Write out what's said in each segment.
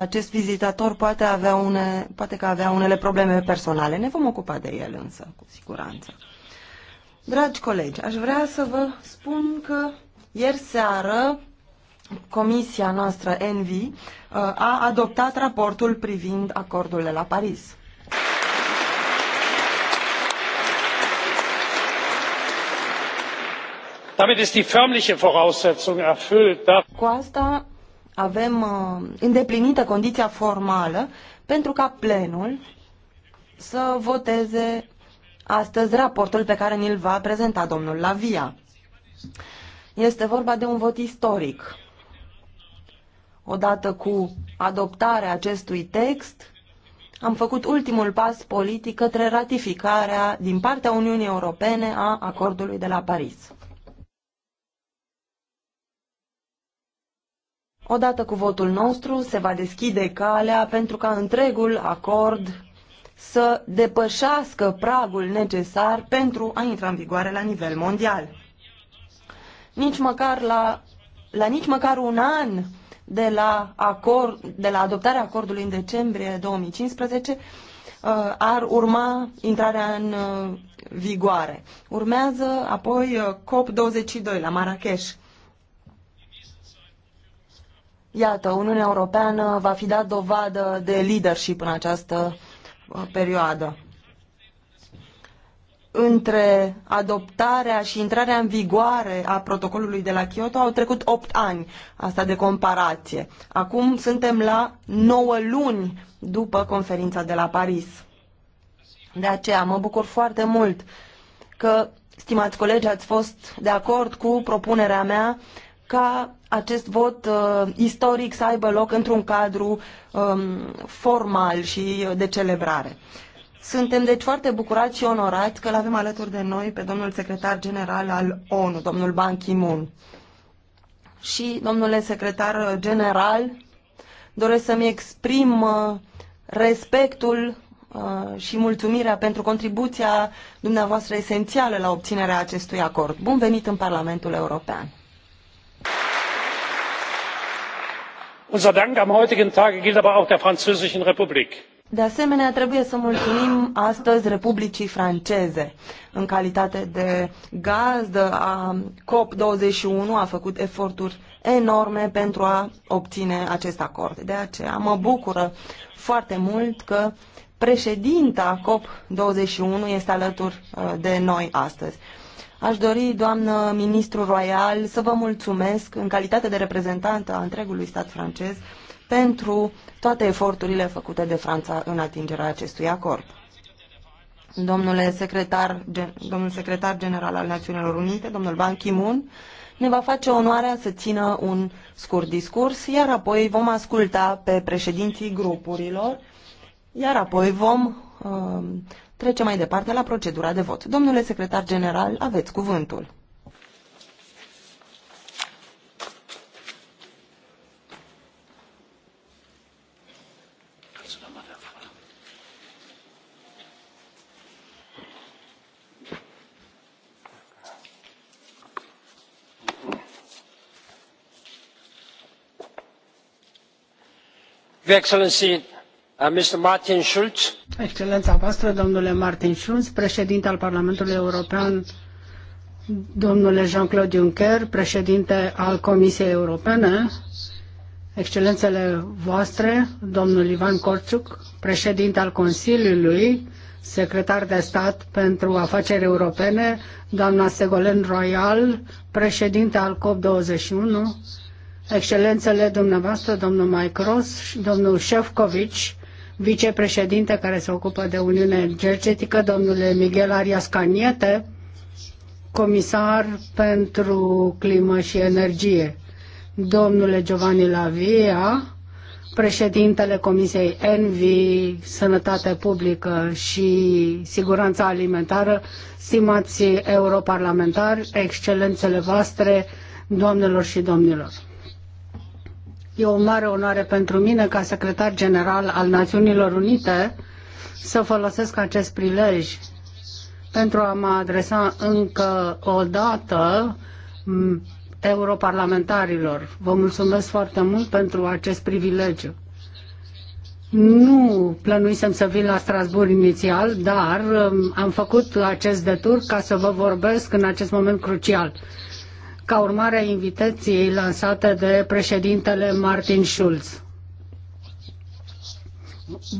Acest vizitator poate, avea une, poate că avea unele probleme personale. Ne vom ocupa de el însă, cu siguranță. Dragi colegi, aș vrea să vă spun că ieri seară comisia noastră ENVI uh, a adoptat raportul privind acordul de la Paris. Damit ist die förmliche Voraussetzung erfüllt. Da- cu asta avem uh, îndeplinită condiția formală pentru ca plenul să voteze astăzi raportul pe care ni-l va prezenta domnul Lavia. Este vorba de un vot istoric. Odată cu adoptarea acestui text, am făcut ultimul pas politic către ratificarea din partea Uniunii Europene a acordului de la Paris. Odată cu votul nostru se va deschide calea pentru ca întregul acord să depășească pragul necesar pentru a intra în vigoare la nivel mondial. Nici măcar la, la nici măcar un an de la, acord, de la adoptarea acordului în decembrie 2015 uh, ar urma intrarea în uh, vigoare. Urmează apoi uh, COP22 la Marrakesh Iată, Uniunea Europeană va fi dat dovadă de leadership în această uh, perioadă. Între adoptarea și intrarea în vigoare a protocolului de la Kyoto au trecut 8 ani, asta de comparație. Acum suntem la 9 luni după conferința de la Paris. De aceea mă bucur foarte mult că, stimați colegi, ați fost de acord cu propunerea mea ca acest vot uh, istoric să aibă loc într-un cadru um, formal și de celebrare. Suntem deci foarte bucurați și onorați că l-avem alături de noi pe domnul secretar general al ONU, domnul Ban Ki-moon. Și, domnule secretar general, doresc să-mi exprim uh, respectul uh, și mulțumirea pentru contribuția dumneavoastră esențială la obținerea acestui acord. Bun venit în Parlamentul European! de asemenea trebuie să mulțumim astăzi republicii franceze în calitate de gazdă a cop 21 a făcut eforturi enorme pentru a obține acest acord. De aceea mă bucură foarte mult că președinta COP21 este alături uh, de noi astăzi. Aș dori, doamnă ministru royal, să vă mulțumesc în calitate de reprezentantă a întregului stat francez pentru toate eforturile făcute de Franța în atingerea acestui acord. Domnule secretar, gen, domnul secretar general al Națiunilor Unite, domnul Ban Ki-moon, ne va face onoarea să țină un scurt discurs, iar apoi vom asculta pe președinții grupurilor, iar apoi vom uh, Trecem mai departe la procedura de vot. Domnule secretar general, aveți cuvântul. Your Excellency, Uh, Martin Schulz. Excelența voastră, domnule Martin Schulz, președinte al Parlamentului European, domnule Jean-Claude Juncker, președinte al Comisiei Europene, excelențele voastre, domnul Ivan Corciuc, președinte al Consiliului, secretar de stat pentru afaceri europene, doamna Segolen Royal, președinte al COP21, excelențele dumneavoastră, domnul Mike Ross, domnul efovi vicepreședinte care se ocupă de Uniune Energetică, domnule Miguel Arias Caniete, comisar pentru climă și energie, domnule Giovanni Lavia, președintele Comisiei Envi, Sănătate Publică și Siguranța Alimentară, stimați europarlamentari, excelențele voastre, doamnelor și domnilor. E o mare onoare pentru mine ca secretar general al Națiunilor Unite să folosesc acest prilej pentru a mă adresa încă o dată mm, europarlamentarilor. Vă mulțumesc foarte mult pentru acest privilegiu. Nu plănuisem să vin la Strasbourg inițial, dar mm, am făcut acest detur ca să vă vorbesc în acest moment crucial ca urmare a invitației lansate de președintele Martin Schulz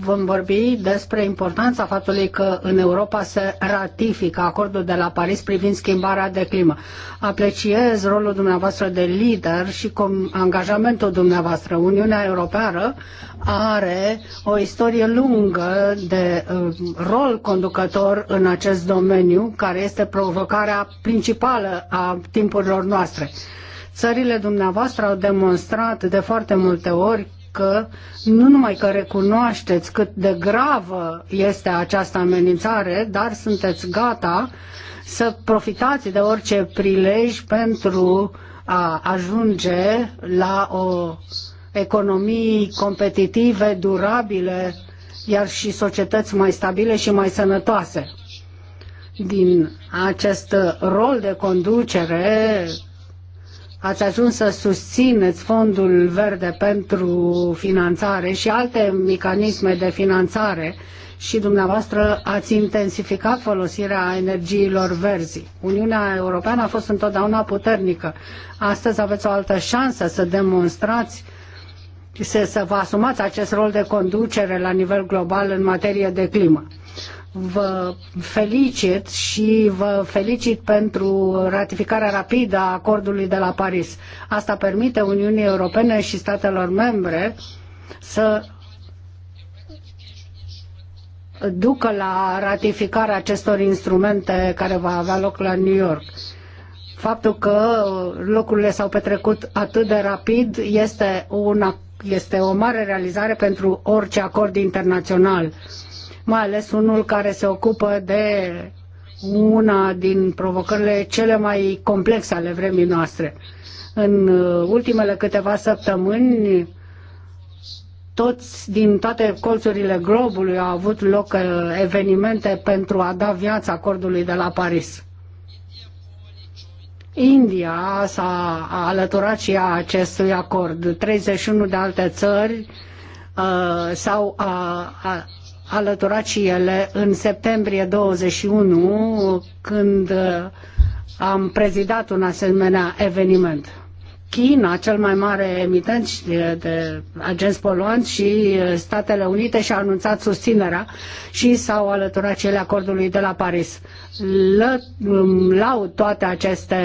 vom vorbi despre importanța faptului că în Europa se ratifică acordul de la Paris privind schimbarea de climă. Apreciez rolul dumneavoastră de lider și angajamentul dumneavoastră. Uniunea Europeană are o istorie lungă de uh, rol conducător în acest domeniu, care este provocarea principală a timpurilor noastre. Țările dumneavoastră au demonstrat de foarte multe ori că nu numai că recunoașteți cât de gravă este această amenințare, dar sunteți gata să profitați de orice prilej pentru a ajunge la o economii competitive, durabile, iar și societăți mai stabile și mai sănătoase. Din acest rol de conducere ați ajuns să susțineți fondul verde pentru finanțare și alte mecanisme de finanțare și dumneavoastră ați intensificat folosirea energiilor verzi. Uniunea Europeană a fost întotdeauna puternică. Astăzi aveți o altă șansă să demonstrați să, să vă asumați acest rol de conducere la nivel global în materie de climă vă felicit și vă felicit pentru ratificarea rapidă a acordului de la Paris. Asta permite Uniunii Europene și statelor membre să ducă la ratificarea acestor instrumente care va avea loc la New York. Faptul că lucrurile s-au petrecut atât de rapid este, una, este o mare realizare pentru orice acord internațional. Uh, mai ales unul care se ocupă de una din provocările cele mai complexe ale vremii noastre. În uh, ultimele câteva săptămâni, toți din toate colțurile globului au avut loc uh, evenimente pentru a da viața acordului de la Paris. India s-a alăturat și a acestui acord. 31 de alte țări uh, s-au uh, uh alăturat și ele în septembrie 21, când uh, am prezidat un asemenea eveniment. China, cel mai mare emitent de agenți poluanți și uh, Statele Unite și-au anunțat susținerea și s-au alăturat cele acordului de la Paris. Lă, um, laud toate aceste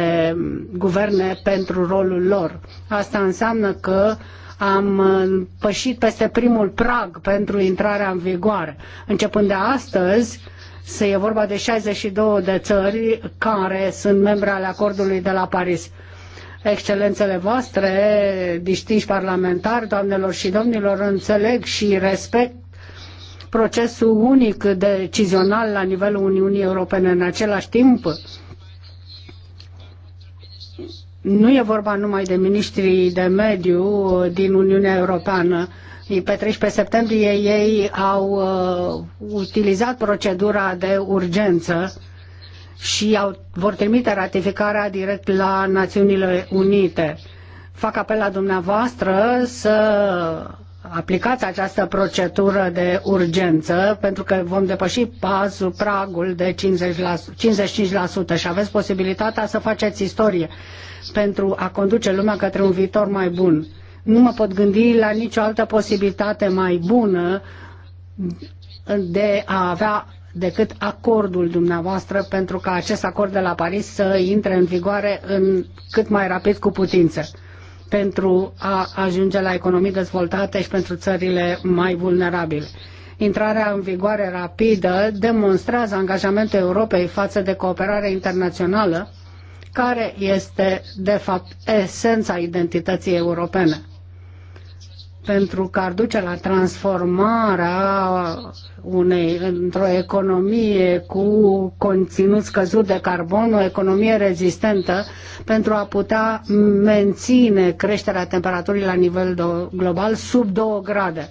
guverne pentru rolul lor. Asta înseamnă că uh, am uh, pășit peste primul prag pentru intrarea în vigoare. Începând de astăzi, se e vorba de 62 de țări care sunt membre ale acordului de la Paris. Excelențele voastre, distinși parlamentari, doamnelor și domnilor, înțeleg și respect procesul unic decizional la nivelul Uniunii Europene în același timp nu e vorba numai de ministrii de mediu din Uniunea Europeană. Pe 13 septembrie ei au uh, utilizat procedura de urgență și au, vor trimite ratificarea direct la Națiunile Unite. Fac apel la dumneavoastră să aplicați această procedură de urgență, pentru că vom depăși pasul, pragul de 50%, 55% și aveți posibilitatea să faceți istorie pentru a conduce lumea către un viitor mai bun. Nu mă pot gândi la nicio altă posibilitate mai bună de a avea decât acordul dumneavoastră pentru ca acest acord de la Paris să intre în vigoare în cât mai rapid cu putință pentru a ajunge la economii dezvoltate și pentru țările mai vulnerabile. Intrarea în vigoare rapidă demonstrează angajamentul Europei față de cooperare internațională care este, de fapt, esența identității europene. Pentru că ar duce la transformarea unei, într-o economie cu conținut scăzut de carbon, o economie rezistentă, pentru a putea menține creșterea temperaturii la nivel global sub 2 grade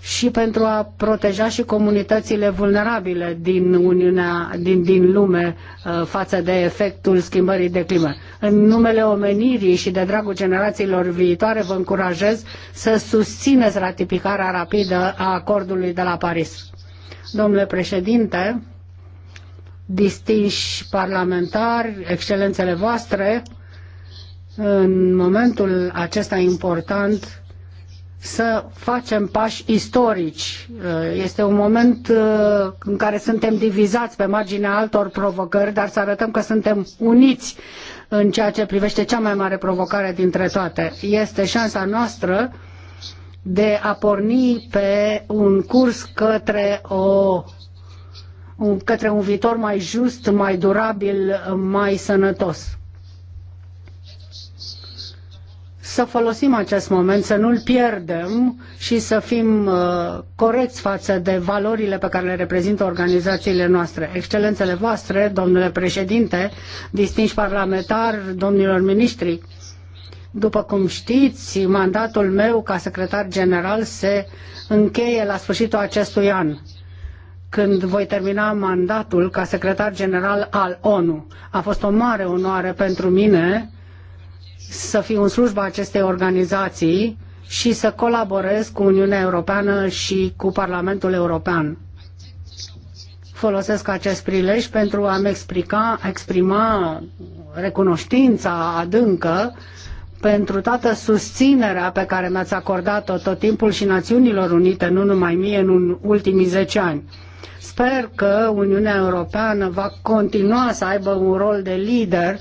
și pentru a proteja și comunitățile vulnerabile din Uniunea, din, din lume uh, față de efectul schimbării de climă. În numele omenirii și de dragul generațiilor viitoare vă încurajez să susțineți ratificarea rapidă a acordului de la Paris. Domnule președinte, distinși parlamentari, excelențele voastre, în momentul acesta important, să facem pași istorici. Uh, este un moment uh, în care suntem divizați pe marginea altor provocări, dar să arătăm că suntem uniți în ceea ce privește cea mai mare provocare dintre toate. Este șansa noastră de a porni pe un curs către o către un viitor mai just, mai durabil, mai sănătos. să folosim acest moment, să nu-l pierdem și să fim uh, corecți față de valorile pe care le reprezintă organizațiile noastre. Excelențele voastre, domnule președinte, distinși parlamentari, domnilor ministri, după cum știți, mandatul meu ca secretar general se încheie la sfârșitul acestui an când voi termina mandatul ca secretar general al ONU. A fost o mare onoare pentru mine să fiu în slujba acestei organizații și să colaborez cu Uniunea Europeană și cu Parlamentul European. Folosesc acest prilej pentru a-mi explica, exprima recunoștința adâncă pentru toată susținerea pe care mi-ați acordat-o tot timpul și Națiunilor Unite, nu numai mie, în ultimii zece ani. Sper că Uniunea Europeană va continua să aibă un rol de lider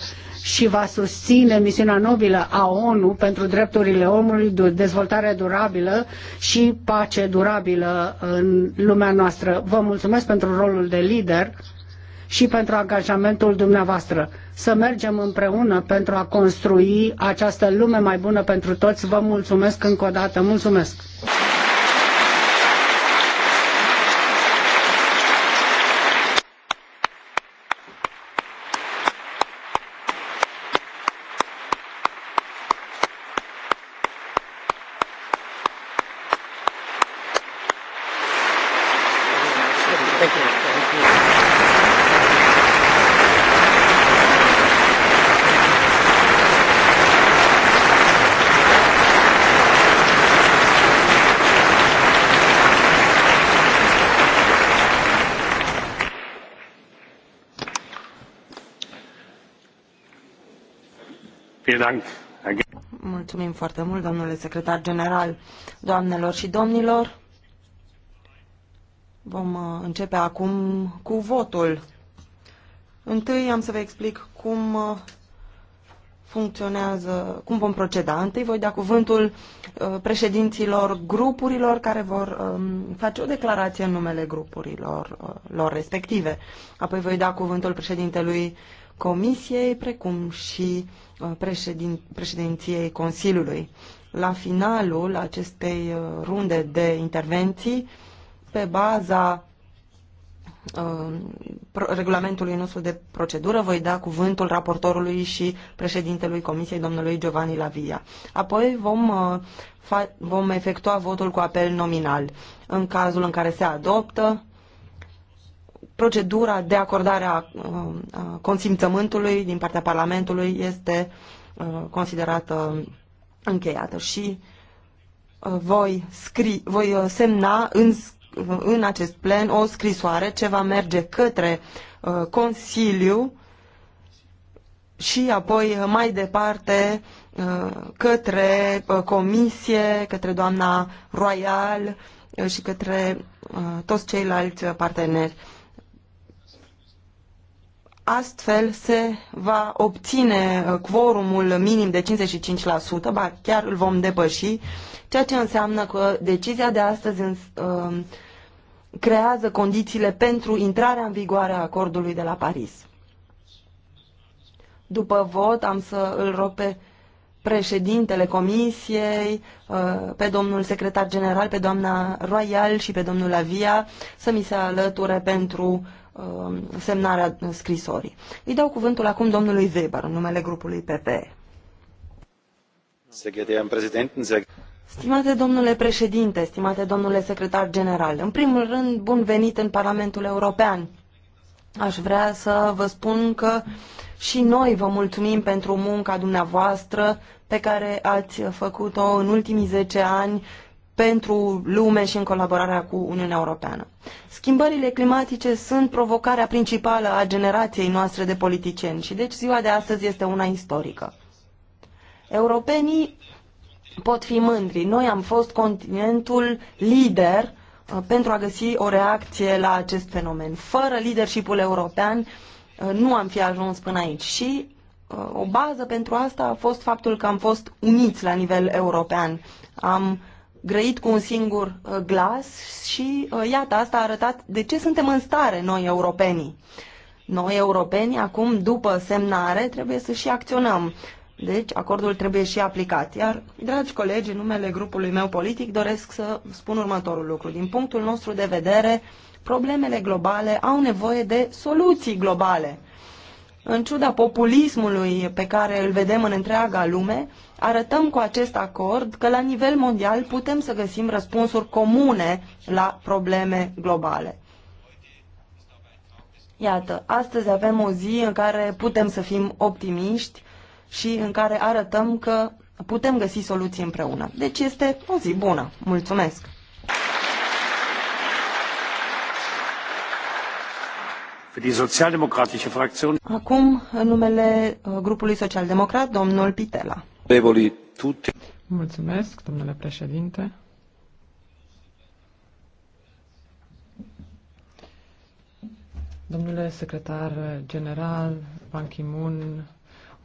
și va susține misiunea nobilă a ONU pentru drepturile omului, dezvoltare durabilă și pace durabilă în lumea noastră. Vă mulțumesc pentru rolul de lider și pentru angajamentul dumneavoastră. Să mergem împreună pentru a construi această lume mai bună pentru toți. Vă mulțumesc încă o dată. Mulțumesc! Mulțumim foarte mult, domnule secretar general, doamnelor și domnilor. Vom uh, începe acum cu votul. Întâi am să vă explic cum uh, funcționează, cum vom proceda. Întâi voi da cuvântul uh, președinților grupurilor care vor um, face o declarație în numele grupurilor lor respective. Apoi voi da cuvântul președintelui Comisiei, precum și uh, președin, președinției Consiliului. La finalul acestei uh, runde de intervenții, pe baza uh, regulamentului nostru de procedură voi da cuvântul raportorului și președintelui Comisiei, domnului Giovanni Lavia. Apoi vom, vom efectua votul cu apel nominal. În cazul în care se adoptă, procedura de acordare uh, a consimțământului din partea Parlamentului este uh, considerată încheiată și uh, voi, scri, voi semna în, în acest plen o scrisoare ce va merge către Consiliu și apoi mai departe către Comisie, către doamna Royal și către toți ceilalți parteneri Astfel se va obține uh, quorumul minim de 55%, ba chiar îl vom depăși, ceea ce înseamnă că decizia de astăzi în, uh, creează condițiile pentru intrarea în vigoare a acordului de la Paris. După vot am să îl rog pe președintele comisiei, uh, pe domnul secretar general, pe doamna Royal și pe domnul Avia să mi se alăture pentru Um, semnarea scrisorii. Îi dau cuvântul acum domnului Weber, în numele grupului PP. Stimate domnule președinte, stimate domnule secretar general, în primul rând, bun venit în Parlamentul European. Aș vrea să vă spun că și noi vă mulțumim pentru munca dumneavoastră pe care ați făcut-o în ultimii 10 ani pentru lume și în colaborarea cu Uniunea Europeană. Schimbările climatice sunt provocarea principală a generației noastre de politicieni și deci ziua de astăzi este una istorică. Europenii pot fi mândri. Noi am fost continentul lider uh, pentru a găsi o reacție la acest fenomen. Fără leadershipul european uh, nu am fi ajuns până aici și uh, o bază pentru asta a fost faptul că am fost uniți la nivel european. Am uh, grăit cu un singur uh, glas și uh, iată, asta a arătat de ce suntem în stare noi europenii. Noi europenii, acum, după semnare, trebuie să și acționăm. Deci, acordul trebuie și aplicat. Iar, dragi colegi, în numele grupului meu politic doresc să spun următorul lucru. Din punctul nostru de vedere, problemele globale au nevoie de soluții globale. În ciuda populismului pe care îl vedem în întreaga lume, arătăm cu acest acord că la nivel mondial putem să găsim răspunsuri comune la probleme globale. Iată, astăzi avem o zi în care putem să fim optimiști și în care arătăm că putem găsi soluții împreună. Deci este o zi bună. Mulțumesc! Acum, în numele uh, grupului social-democrat, domnul Pitela. Mulțumesc, domnule președinte. Domnule secretar general Ban Ki-moon,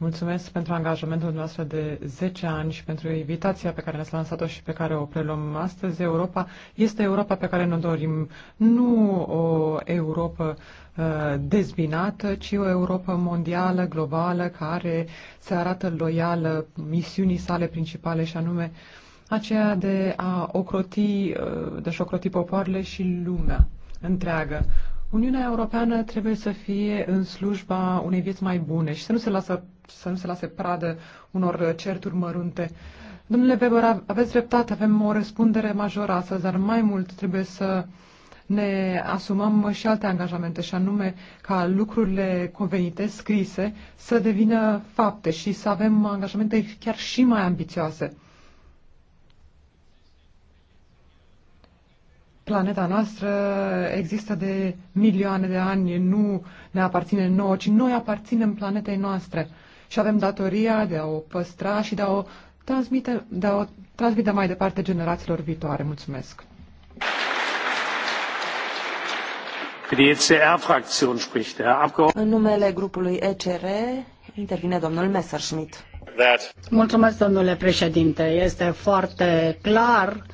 Mulțumesc pentru angajamentul noastră de 10 ani și pentru invitația pe care ne-ați lansat-o și pe care o preluăm astăzi. Europa este Europa pe care ne dorim. Nu o Europa uh, dezbinată, ci o Europa mondială, globală, care se arată loială misiunii sale principale și anume aceea de a ocroti, uh, de a ocroti popoarele și lumea întreagă. Uniunea Europeană trebuie să fie în slujba unei vieți mai bune și să nu se, lasă, să nu se lase pradă unor certuri mărunte. Domnule Weber, aveți dreptate, avem o răspundere majoră astăzi, dar mai mult trebuie să ne asumăm și alte angajamente, și anume ca lucrurile convenite, scrise, să devină fapte și să avem angajamente chiar și mai ambițioase. planeta noastră există de milioane de ani, nu ne aparține nouă, ci noi aparținem planetei noastre și avem datoria de a o păstra și de a o transmite, de a o transmite mai departe generațiilor viitoare. Mulțumesc! În numele grupului ECR intervine domnul Messerschmidt. Mulțumesc, domnule președinte. Este foarte clar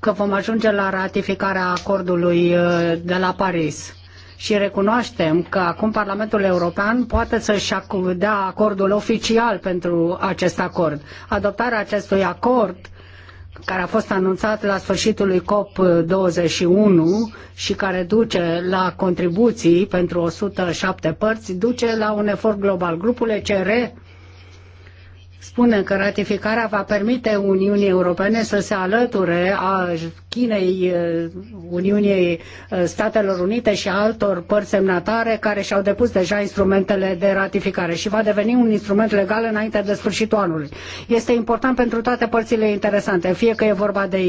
că vom ajunge la ratificarea acordului uh, de la Paris și recunoaștem că acum Parlamentul European poate să-și dea acordul oficial pentru acest acord. Adoptarea acestui acord care a fost anunțat la sfârșitul lui COP21 și care duce la contribuții pentru 107 părți, duce la un efort global. Grupul ECR spune că ratificarea va permite Uniunii Europene să se alăture a Chinei, uh, Uniunii uh, Statelor Unite și altor părți semnatare care și-au depus deja instrumentele de ratificare și va deveni un instrument legal înainte de sfârșitul anului. Este important pentru toate părțile interesante, fie că e vorba de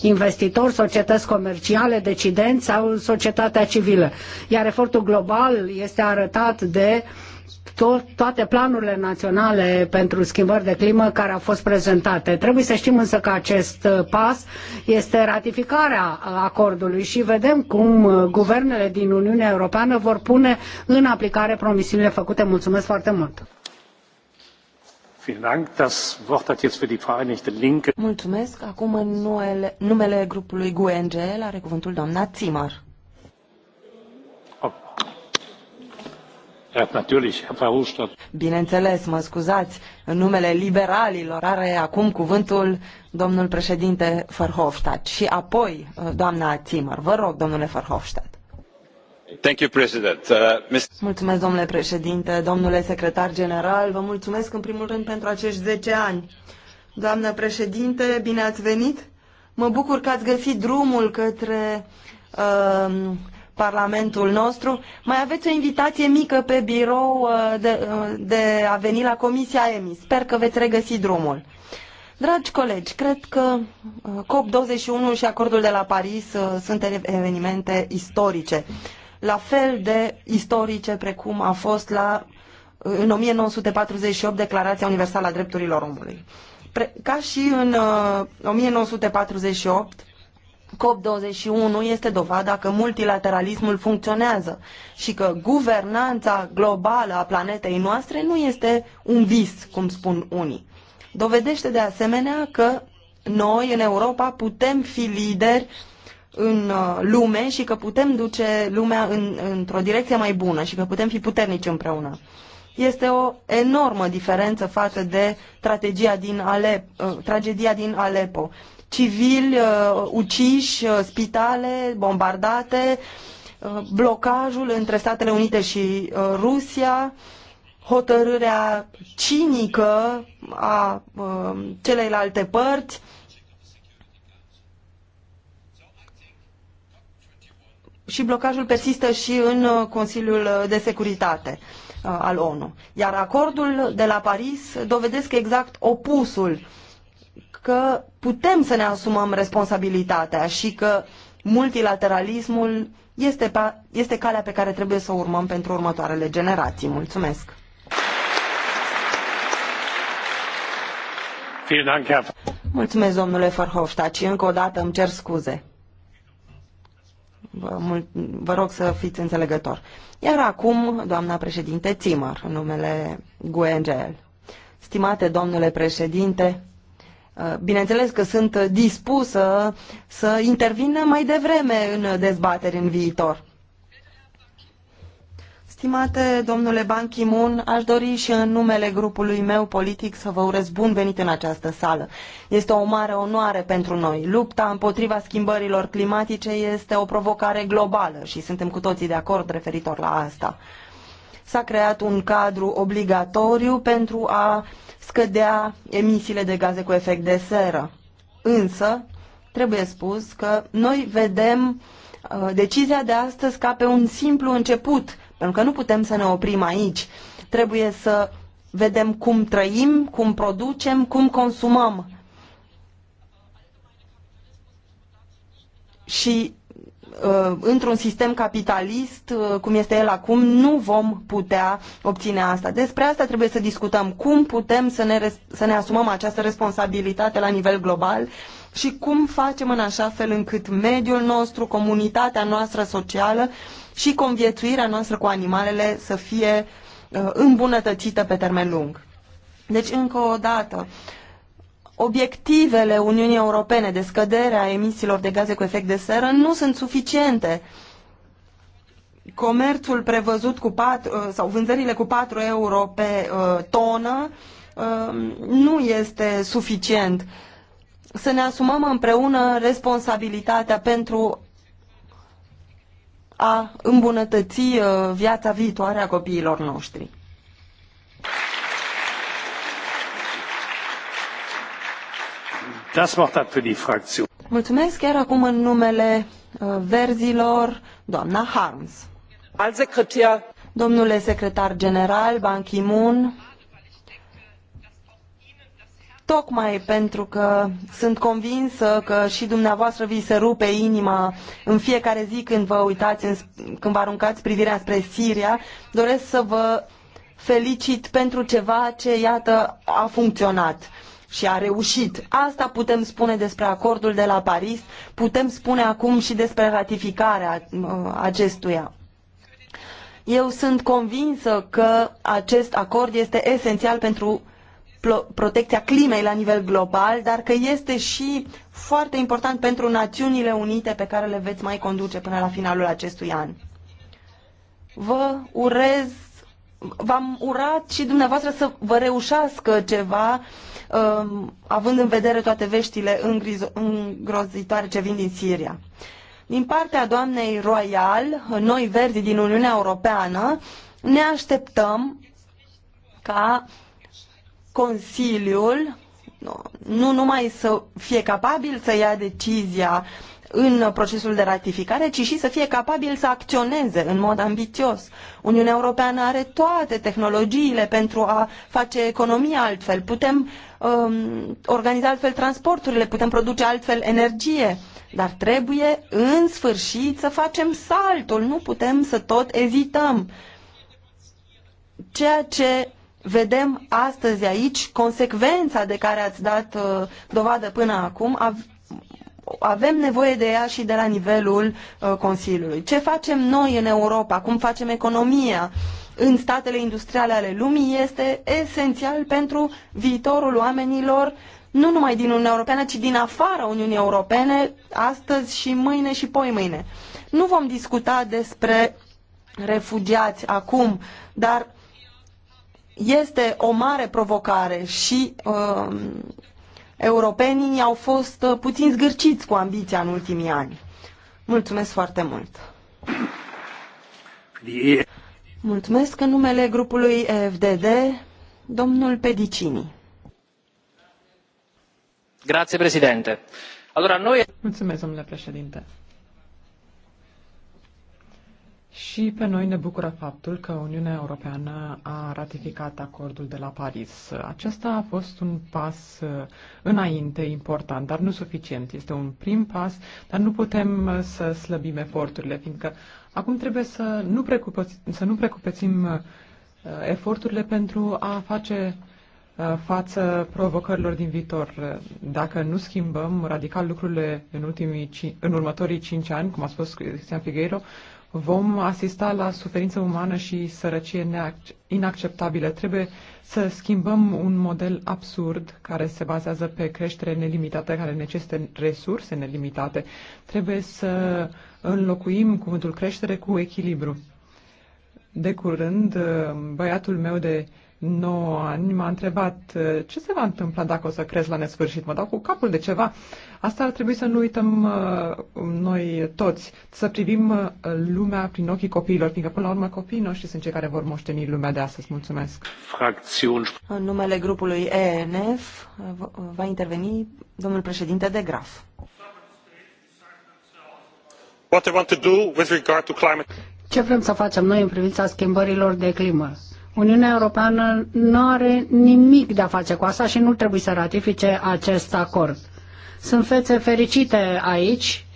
investitori, societăți comerciale, decidenți sau societatea civilă. Iar efortul global este arătat de tot, toate planurile naționale pentru schimbări de climă care au fost prezentate. Trebuie să știm însă că acest uh, pas este ratificat ratificarea acordului și vedem cum uh, guvernele din Uniunea Europeană vor pune în aplicare promisiunile făcute. Mulțumesc foarte mult! Mulțumesc. Acum în numele, grupului GUE ngl are cuvântul doamna Zimmer. Bineînțeles, mă scuzați, în numele liberalilor are acum cuvântul domnul președinte Verhofstadt și apoi uh, doamna Zimmer. Vă rog, domnule Verhofstadt. Thank you, President. Uh, Mulțumesc, domnule președinte, domnule secretar general, vă mulțumesc în primul rând pentru acești 10 ani. Doamnă președinte, bine ați venit! Mă bucur că ați găsit drumul către uh, Parlamentul nostru. Mai aveți o invitație mică pe birou uh, de, uh, de a veni la Comisia EMI. Sper că veți regăsi drumul. Dragi colegi, cred că uh, COP21 și acordul de la Paris sunt evenimente istorice. La fel de istorice precum a fost la, în 1948 Declarația Universală a Drepturilor Omului. Pre, ca și în 1948, COP21 este dovada că multilateralismul funcționează și că guvernanța globală a planetei noastre nu este un vis, cum spun unii. Dovedește de asemenea că noi, în Europa, putem fi lideri în uh, lume și că putem duce lumea în, într-o direcție mai bună și că putem fi puternici împreună. Este o enormă diferență față de din Alep, uh, tragedia din Aleppo civili uh, uciși, uh, spitale bombardate, uh, blocajul între Statele Unite și uh, Rusia, hotărârea cinică a uh, celeilalte părți, și blocajul persistă și în uh, Consiliul de Securitate uh, al ONU. Iar acordul de la Paris dovedesc exact opusul uh, că putem să ne asumăm responsabilitatea și că multilateralismul este, pe, este calea pe care trebuie să o urmăm pentru următoarele generații. Mulțumesc! Mulțumesc, domnule Verhofstadt, și încă o dată îmi cer scuze. Vă, mul- vă rog să fiți înțelegător. Iar acum, doamna președinte Țimăr, în numele GUNGL. Stimate domnule președinte, Uh, bineînțeles că sunt dispusă să intervină mai devreme în dezbateri în viitor. Stimate domnule Ban Ki-moon, aș dori și în numele grupului meu politic să vă urez bun venit în această sală. Este o mare onoare pentru noi. Lupta împotriva schimbărilor climatice este o provocare globală și suntem cu toții de acord referitor la asta. S-a creat un cadru obligatoriu pentru a scădea emisiile de gaze cu efect de seră. Însă, trebuie spus că noi vedem uh, decizia de astăzi ca pe un simplu început, pentru că nu putem să ne oprim aici. Trebuie să vedem cum trăim, cum producem, cum consumăm. Și Uh, într-un sistem capitalist, uh, cum este el acum, nu vom putea obține asta. Despre asta trebuie să discutăm. Cum putem să ne, să ne asumăm această responsabilitate la nivel global și cum facem în așa fel încât mediul nostru, comunitatea noastră socială și conviețuirea noastră cu animalele să fie uh, îmbunătățită pe termen lung. Deci, încă o dată, uh, obiectivele Uniunii Europene de scădere a emisiilor de gaze cu efect de seră nu sunt suficiente. Comerțul prevăzut cu 4, uh, sau vânzările cu 4 euro pe uh, tonă um, nu este suficient. Să ne asumăm împreună responsabilitatea pentru a îmbunătăți uh, viața viitoare a copiilor noștri. Das Wort Mulțumesc chiar acum în numele uh, verzilor, doamna Harms. Domnule secretar general Ban Ki-moon, tocmai pentru că sunt convinsă că și dumneavoastră vi se rupe inima în fiecare zi când vă uitați, în, când vă aruncați privirea spre Siria, doresc să vă felicit pentru ceva ce, iată, a funcționat și a reușit. Asta putem spune despre acordul de la Paris, putem spune acum și despre ratificarea uh, acestuia. Eu sunt convinsă că acest acord este esențial pentru protecția climei la nivel global, dar că este și foarte important pentru Națiunile Unite pe care le veți mai conduce până la finalul acestui an. Vă urez, v-am urat și dumneavoastră să vă reușească ceva Um, având în vedere toate veștile îngrozitoare ce vin din Siria. Din partea doamnei Royal, noi verzi din Uniunea Europeană, ne așteptăm ca Consiliul nu numai să fie capabil să ia decizia în procesul de ratificare, ci și să fie capabil să acționeze în mod ambițios. Uniunea Europeană are toate tehnologiile pentru a face economia altfel, putem um, organiza altfel transporturile, putem produce altfel energie, dar trebuie în sfârșit să facem saltul, nu putem să tot ezităm. Ceea ce vedem astăzi aici, consecvența de care ați dat uh, dovadă până acum, avem nevoie de ea și de la nivelul uh, Consiliului. Ce facem noi în Europa, cum facem economia în statele industriale ale lumii este esențial pentru viitorul oamenilor nu numai din Uniunea Europeană, ci din afara Uniunii Europene, astăzi și mâine și mâine. Nu vom discuta despre refugiați acum, dar este o mare provocare și uh, europenii au fost uh, puțin zgârciți cu ambiția în ultimii ani. Mulțumesc foarte mult! Mulțumesc în numele grupului FDD, domnul Pedicini. Grazie, președinte. Allora, noi... Mulțumesc, domnule președinte. Și pe noi ne bucură faptul că Uniunea Europeană a ratificat acordul de la Paris. Acesta a fost un pas uh, înainte important, dar nu suficient. Este un prim pas, dar nu putem uh, să slăbim eforturile, fiindcă acum trebuie să nu, să nu precupețim uh, eforturile pentru a face față provocărilor din viitor. Dacă nu schimbăm radical lucrurile în, ultimii, în următorii cinci ani, cum a spus Cristian Figueiro, vom asista la suferință umană și sărăcie inacceptabile. Trebuie să schimbăm un model absurd care se bazează pe creștere nelimitată, care necesită resurse nelimitate. Trebuie să înlocuim cuvântul creștere cu echilibru. De curând, băiatul meu de 9 ani, m-a întrebat eh, ce se va întâmpla dacă o să crezi la nesfârșit. Mă dau cu capul de ceva. Asta ar trebui să nu uităm eh, noi toți, să privim eh, lumea prin ochii copiilor, fiindcă până la urmă copiii noștri sunt cei care vor moșteni lumea de astăzi. Mulțumesc. Fracțiuni. În numele grupului ENF va interveni domnul președinte de Graf. What they want to do with regard to climate. Ce vrem să facem noi în privința schimbărilor de climă? Uniunea Europeană nu are nimic de a face cu asta și nu trebuie să ratifice acest acord. Sunt fețe fericite aici,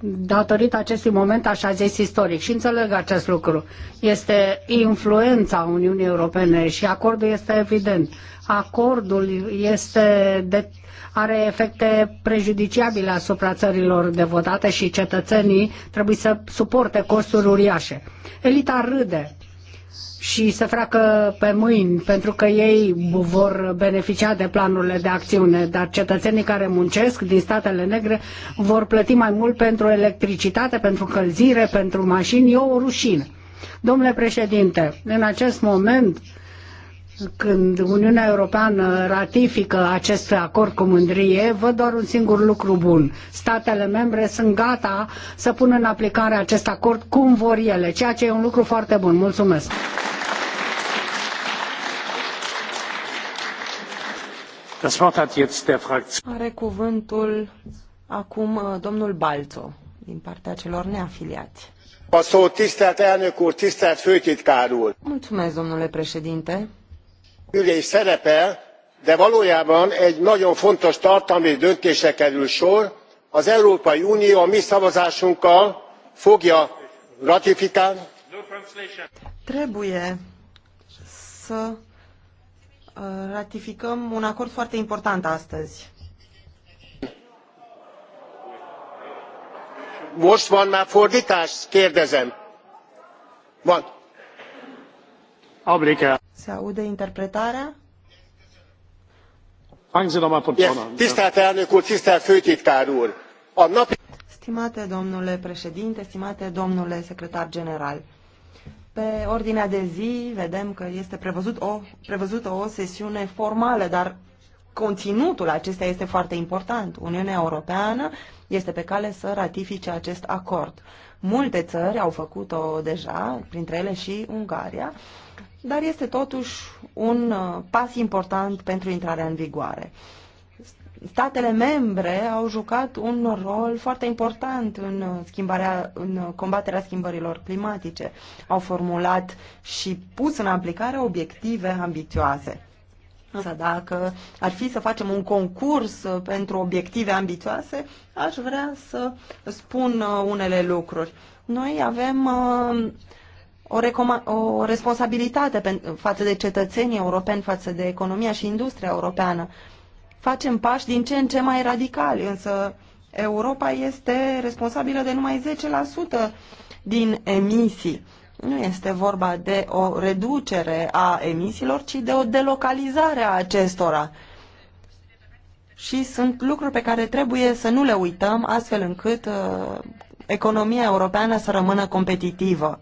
datorită acestui moment așa zis istoric și înțeleg acest lucru. Este influența Uniunii Europene și acordul este evident. Acordul este de, are efecte prejudiciabile asupra țărilor devotate și cetățenii trebuie să suporte costuri uriașe. Elita râde și să freacă pe mâini, pentru că ei vor beneficia de planurile de acțiune, dar cetățenii care muncesc din statele negre vor plăti mai mult pentru electricitate, pentru încălzire, pentru mașini, e o rușine. Domnule președinte, în acest moment când Uniunea Europeană ratifică acest acord cu mândrie, văd doar un singur lucru bun. Statele membre sunt gata să pună în aplicare acest acord cum vor ele, ceea ce e un lucru foarte bun. Mulțumesc! Are cuvântul acum uh, domnul Balto, din partea celor neafiliați. Mulțumesc, domnule președinte ülés szerepel de valójában egy nagyon fontos tartalmi döntésre kerül sor az európai unió a mi szavazásunkkal fogja ratifikálni trebuie să uh, ratificăm un acord foarte important astăzi. Most van már fordítás? Kérdezem. Van. Obliga. Se aude interpretarea? Stimate domnule președinte, stimate domnule secretar general, pe ordinea de zi vedem că este prevăzut o, prevăzută o sesiune formală, dar conținutul acesta este foarte important. Uniunea Europeană este pe cale să ratifice acest acord. Multe țări au făcut-o deja, printre ele și Ungaria, dar este totuși un uh, pas important pentru intrarea în vigoare. Statele membre au jucat un rol foarte important în, uh, schimbarea, în uh, combaterea schimbărilor climatice. Au formulat și pus în aplicare obiective ambițioase. Însă dacă ar fi să facem un concurs pentru obiective ambițioase, aș vrea să spun unele lucruri. Noi avem uh, o, o responsabilitate față de cetățenii europeni, față de economia și industria europeană. Facem pași din ce în ce mai radicali, însă Europa este responsabilă de numai 10% din emisii. Nu este vorba de o reducere a emisiilor, ci de o delocalizare a acestora. Și sunt lucruri pe care trebuie să nu le uităm, astfel încât uh, economia europeană să rămână competitivă.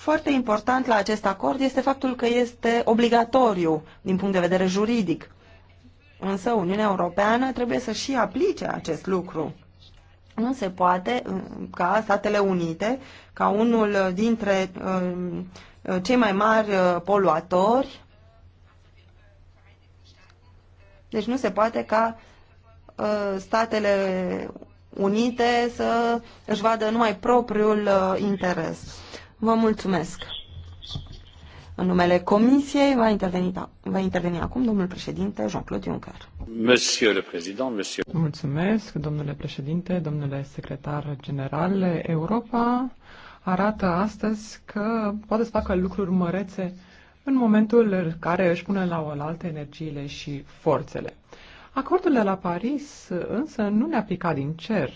Foarte important la acest acord este faptul că este obligatoriu din punct de vedere juridic. Însă Uniunea Europeană trebuie să și aplice acest lucru. Nu se poate uh, ca Statele Unite, ca unul dintre uh, cei mai mari uh, poluatori, deci nu se poate ca Statele Unite să își vadă numai propriul interes. Vă mulțumesc. În numele Comisiei va interveni, va interveni acum domnul președinte Jean-Claude Juncker. Monsieur le président, monsieur... Mulțumesc, domnule președinte, domnule secretar general. Europa arată astăzi că poate să facă lucruri mărețe în momentul în care își pune la oaltă energiile și forțele. Acordul de la Paris însă nu ne-a picat din cer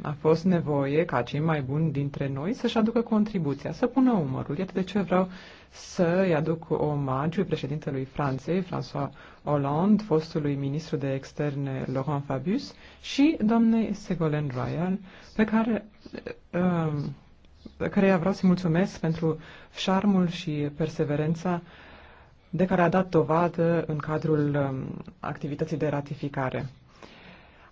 a fost nevoie ca cei mai buni dintre noi să-și aducă contribuția, să pună umărul. Iată de ce vreau să-i aduc omagiu președintelui Franței, François Hollande, fostului ministru de externe Laurent Fabius și doamnei Ségolène Royal, pe care, uh, care vreau să-i mulțumesc pentru șarmul și perseverența de care a dat dovadă în cadrul um, activității de ratificare.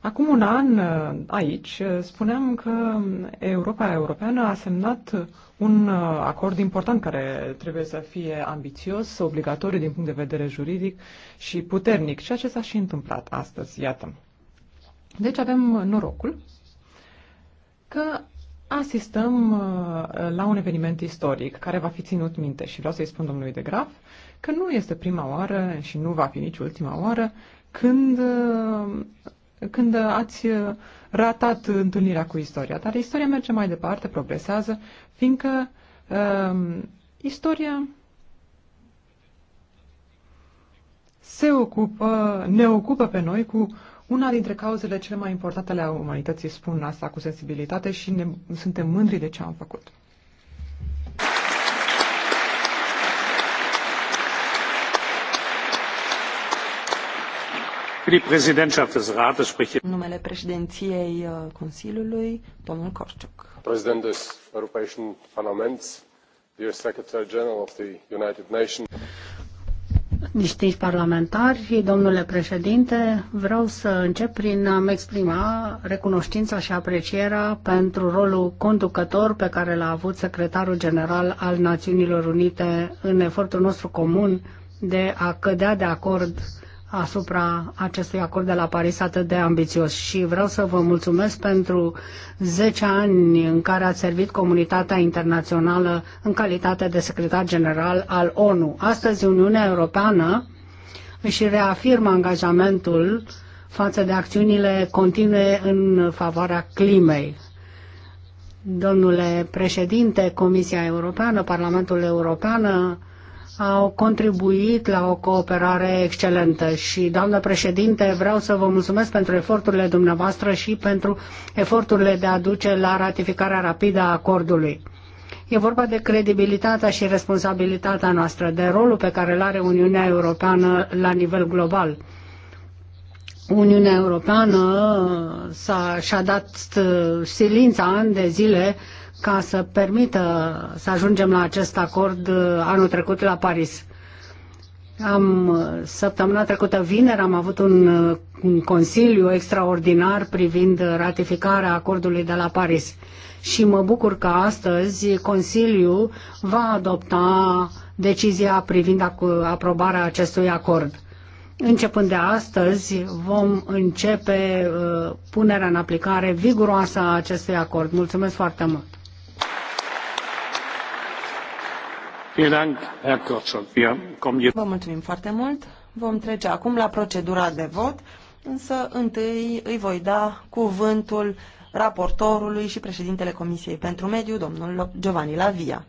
Acum un an uh, aici uh, spuneam că Europa Europeană a semnat un uh, acord important care trebuie să fie ambițios, obligatoriu din punct de vedere juridic și puternic, ceea ce s-a și întâmplat astăzi, iată. Deci avem norocul că asistăm la un eveniment istoric care va fi ținut minte și vreau să-i spun domnului de Graf că nu este prima oară și nu va fi nici ultima oară când când ați uh, ratat întâlnirea cu istoria. Dar istoria merge mai departe, progresează, fiindcă uh, istoria se ocupă, ne ocupă pe noi cu una dintre cauzele cele mai importante ale umanității, spun asta cu sensibilitate și ne, suntem mândri de ce am făcut. numele președinției uh, consiliului domnul korczok. Distinși parlamentari, domnule președinte, vreau să încep prin a-mi exprima recunoștința și aprecierea pentru rolul conducător pe care l-a avut secretarul general al Națiunilor Unite în efortul nostru comun de a cădea de acord uh, asupra acestui acord de la Paris atât de ambițios și vreau să vă mulțumesc pentru 10 ani în care ați servit comunitatea internațională în calitate de secretar general al ONU. Astăzi Uniunea Europeană își reafirmă angajamentul față de acțiunile continue în favoarea climei. Domnule președinte, Comisia Europeană, Parlamentul European au contribuit la o cooperare excelentă și, doamnă președinte, vreau să vă mulțumesc pentru eforturile dumneavoastră și pentru eforturile de a duce la ratificarea rapidă a acordului. E vorba de credibilitatea și responsabilitatea noastră, de rolul pe care îl are Uniunea Europeană la nivel global. Uniunea Europeană s-a, și-a dat uh, silința ani de zile ca să permită să ajungem la acest acord uh, anul trecut la Paris. Am, uh, săptămâna trecută, vineri, am avut un, uh, un consiliu extraordinar privind ratificarea acordului de la Paris. Și mă bucur că astăzi Consiliul va adopta decizia privind aprobarea acestui acord. Începând de astăzi, vom începe uh, punerea în aplicare viguroasă a acestui acord. Mulțumesc foarte mult! Vă mulțumim foarte mult. Vom trece acum la procedura de vot, însă întâi îi voi da cuvântul raportorului și președintele Comisiei pentru Mediu, domnul Giovanni Lavia.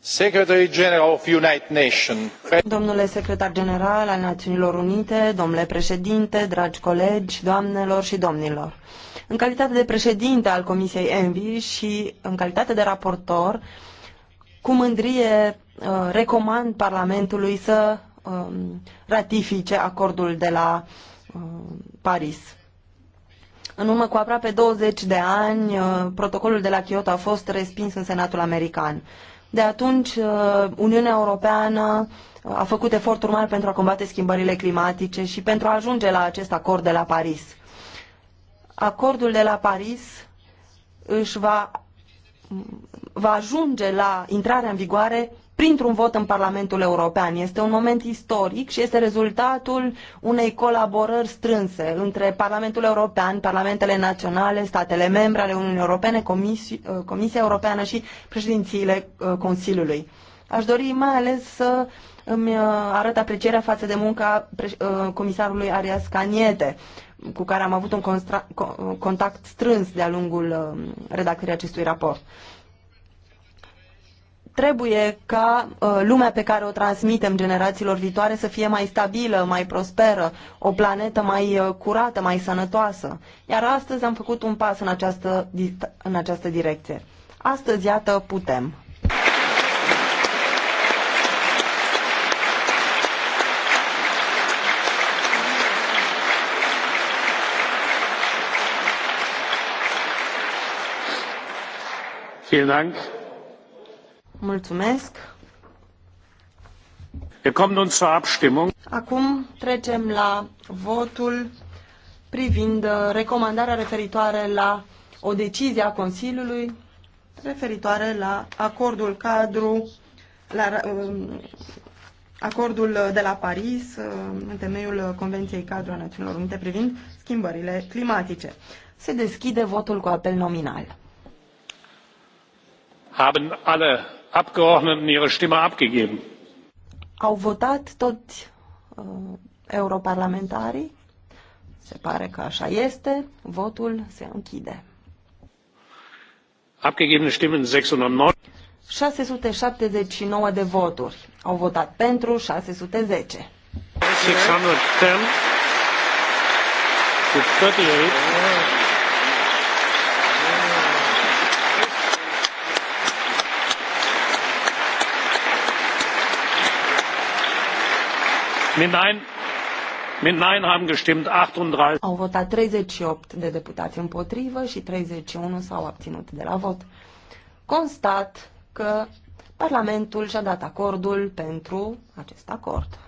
Secretary General of United Nations. Domnule secretar general al Națiunilor Unite, domnule președinte, dragi colegi, doamnelor și domnilor. În calitate de președinte al Comisiei Envi și în calitate de raportor, cu mândrie uh, recomand Parlamentului să um, ratifice acordul de la um, Paris. În urmă cu aproape 20 de ani, uh, protocolul de la Kyoto a fost respins în Senatul American. De atunci, uh, Uniunea Europeană a făcut eforturi mari pentru a combate schimbările climatice și pentru a ajunge la acest acord de la Paris. Acordul de la Paris își va va ajunge la intrarea în vigoare printr-un vot în Parlamentul European. Este un moment istoric și este rezultatul unei colaborări strânse între Parlamentul European, Parlamentele Naționale, statele membre ale Uniunii Europene, Comisi uh, Comisia Europeană și președințiile uh, Consiliului. Aș dori mai ales să îmi uh, arăt aprecierea față de munca comisarului Arias Caniete, cu care am avut un contact strâns de-a lungul redactării acestui raport. Trebuie ca uh, lumea pe care o transmitem generațiilor viitoare să fie mai stabilă, mai prosperă, o planetă mai uh, curată, mai sănătoasă. Iar astăzi am făcut un pas în această, în această direcție. Astăzi, iată, putem. Vielen Dank. Mulțumesc. Acum trecem la votul privind uh, recomandarea referitoare la o decizie a Consiliului referitoare la acordul cadru, la um, acordul de la Paris uh, în temeiul Convenției Cadru a Națiunilor Unite privind schimbările climatice. Se deschide votul cu apel nominal. Haben alle Abgeordneten ihre Stimme abgegeben. Au votat toți uh, europarlamentarii? Se pare că așa este. Votul se închide. Abgegebene Stimmen 609. 679 de voturi. Au votat pentru 610. 610. 38. Au votat 38 de deputați împotrivă și 31 s-au abținut de la vot. Constat că Parlamentul și-a dat acordul pentru acest acord.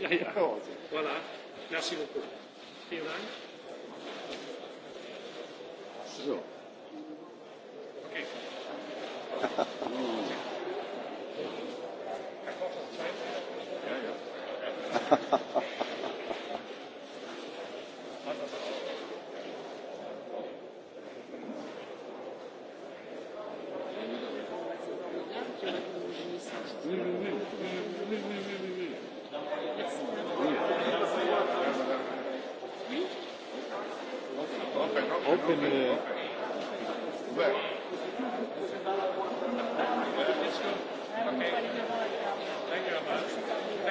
Ja, ja. Voilà. Merci beaucoup. Vielen Dank. So. Okay.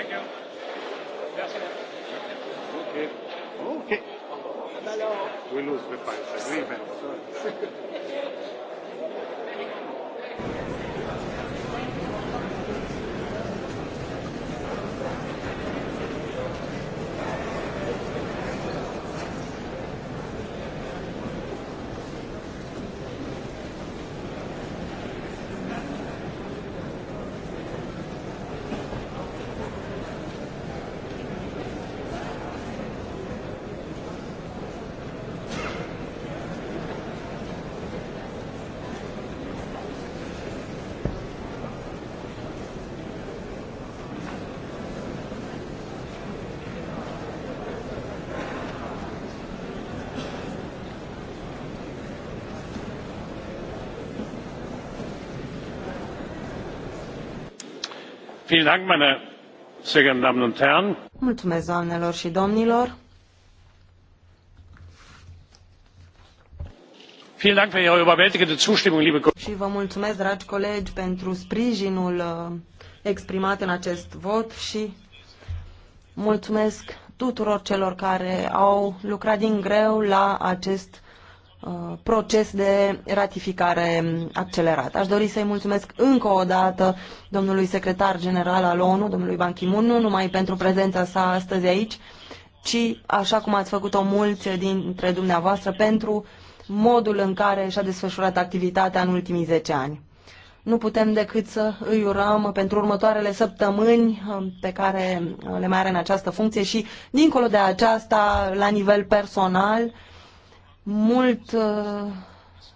Okay. Okay. We lose the fight. Agreement. Sorry. Mulțumesc, doamnelor și domnilor. Și vă mulțumesc, dragi colegi, pentru sprijinul uh, exprimat în acest vot și mulțumesc tuturor celor care au lucrat din greu la acest Uh, proces de ratificare accelerat. Aș dori să-i mulțumesc încă o dată domnului secretar general al ONU, domnului Ban Ki-moon, nu numai pentru prezența sa astăzi aici, ci, așa cum ați făcut-o mulți dintre dumneavoastră, pentru modul în care și-a desfășurat activitatea în ultimii 10 ani. Nu putem decât să îi urăm pentru următoarele săptămâni uh, pe care uh, le mai are în această funcție și, dincolo de aceasta, la nivel personal, mult uh,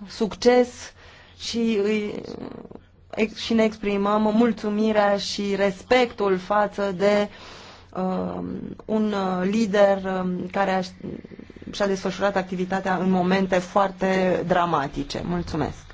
succes și, îi, ex, și ne exprimăm mulțumirea și respectul față de um, uh, un lider um, care a, și-a desfășurat activitatea în momente foarte dramatice. Mulțumesc!